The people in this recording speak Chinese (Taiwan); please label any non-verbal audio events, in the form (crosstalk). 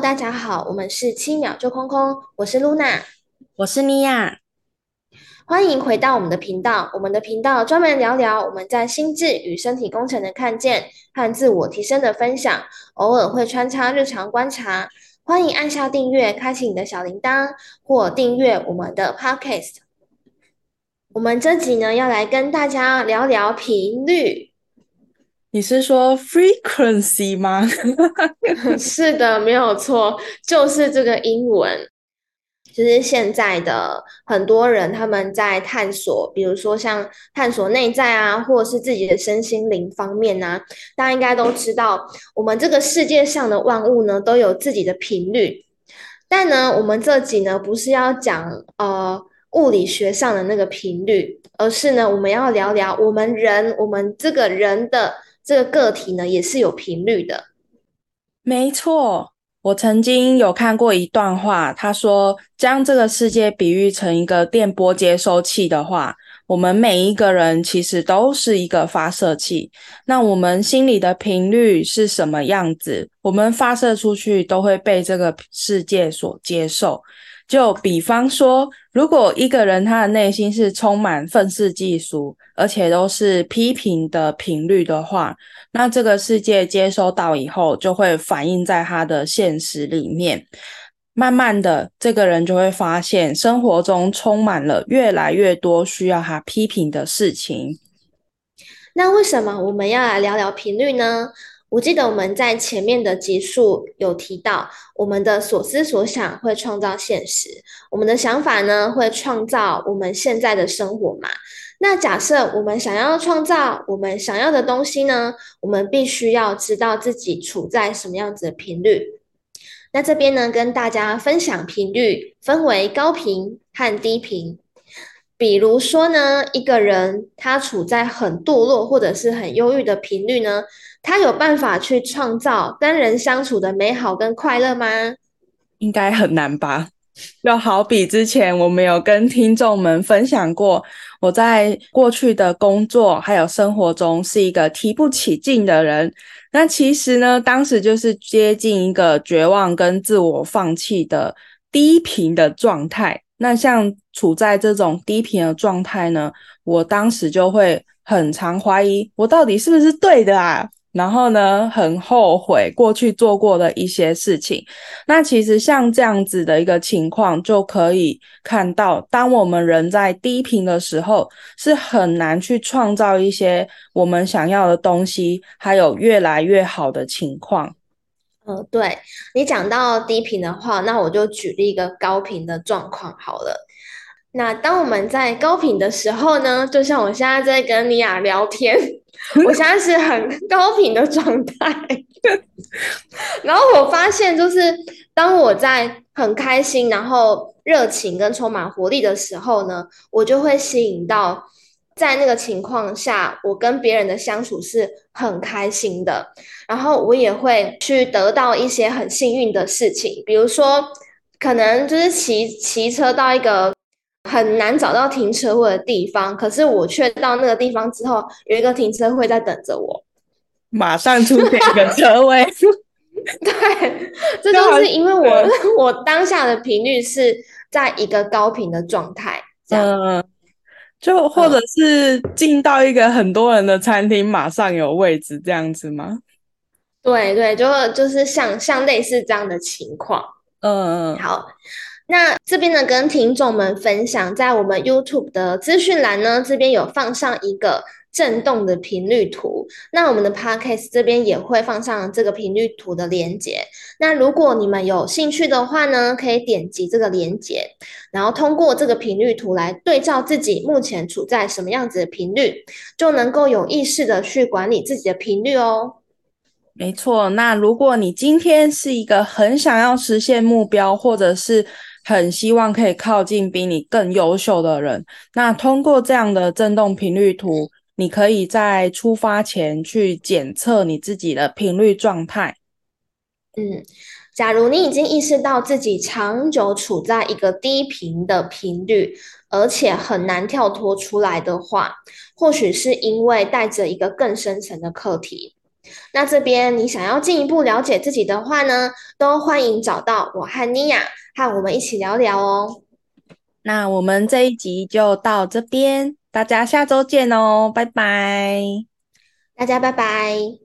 大家好，我們是七秒周空空，我是嚕那，我是尼婭。歡迎回到我們的頻道，我們的頻道專門聊聊我們在心智與身體工程的看見和自我提升的分享，偶爾會穿插日常觀察。歡迎按下訂閱，開啟你的小鈴鐺，或訂閱我們的 Podcast。我們這集呢，要來跟大家聊聊頻率。你是說 frequency 嗎？ (laughs) 是的，沒有錯，就是這個英文。其實現在的很多人他們在探索，比如說像探索內在啊，或者是自己的身心靈方面啊，大家應該都知道，我們這個世界上的萬物呢都有自己的頻率。但呢，我們這集呢不是要講呃物理學上的那個頻率，而是呢我們要聊聊我們人，我們這個人的。這個個體呢，也是有頻率的。沒錯，我曾經有看過一段話，他說：“將這個世界比喻成一個電波接收器的話，我們每一個人其實都是一個發射器。那我們心裡的頻率是什麼樣子？我們發射出去，都會被這個世界所接收。”就比方說，如果一個人他的內心是充滿憤世嫉俗，而且都是批評的頻率的話，那這個世界接收到以後，就會反映在他的現實裡面。慢慢的，這個人就會發現生活中充滿了越來越多需要他批評的事情。那為什麼我們要來聊聊頻率呢？我記得我們在前面的集數有提到，我們的所思所想會創造現實，我們的想法呢會創造我們現在的生活嘛。那假設我們想要創造我們想要的東西呢，我們必須要知道自己處在什麼樣子的頻率。那這邊呢，跟大家分享頻率分為高頻和低頻。比如說呢，一個人他處在很墮落或者是很憂鬱的頻率呢。他有辦法去創造跟人相處的美好跟快樂嗎？應該很難吧。就好比之前我沒有跟聽眾們分享過，我在過去的工作還有生活中是一個提不起勁的人。那其實呢，當時就是接近一個絕望跟自我放棄的低頻的狀態。那像處在這種低頻的狀態呢，我當時就會很常懷疑，我到底是不是對的啊？然後呢，很後悔過去做過的一些事情。那其實像這樣子的一個情況，就可以看到，當我們人在低頻的時候，是很難去創造一些我們想要的東西，還有越來越好的情況。嗯、呃，對，你講到低頻的話，那我就舉例一個高頻的狀況好了。那當我們在高頻的時候呢，就像我現在在跟尼婭聊天。 (laughs) 我現在是很高頻的狀態，然後我發現，就是當我在很開心、然後熱情跟充滿活力的時候呢，我就會吸引到，在那個情況下，我跟別人的相處是很開心的，然後我也會去得到一些很幸運的事情，比如說，可能就是騎騎車到一個。很難找到停車位的地方，可是我卻到那個地方之後，有一個停車位在等着我，馬上出現一個車位。 (laughs) (laughs) 對，這都是因為我我當下的頻率是在一個高頻的狀態，這樣、呃、就或者是進到一個很多人的餐廳，馬上有位置、嗯、這樣子嗎？對對，就就是像像類似這樣的情況。嗯嗯、呃，好。那這邊呢，跟聽眾們分享，在我們 YouTube 的資訊欄呢，這邊有放上一個震動的頻率圖。那我們的 Podcast 這邊也會放上這個頻率圖的連接。那如果你們有興趣的話呢，可以點擊這個連接，然後通過這個頻率圖來對照自己目前處在什麼樣子的頻率，就能夠有意識的去管理自己的頻率哦。沒錯，那如果你今天是一個很想要實現目標，或者是很希望可以靠近比你更優秀的人。那通過這樣的震動頻率圖，你可以在出發前去檢測你自己的頻率狀態。嗯，假如你已經意識到自己長久處在一個低頻的頻率，而且很難跳脫出來的話，或許是因為帶着一個更深層的課題。那這邊你想要進一步了解自己的話呢，都歡迎找到我和尼婭，和我們一起聊聊哦。那我們這一集就到這邊，大家下周見哦，拜拜，大家拜拜。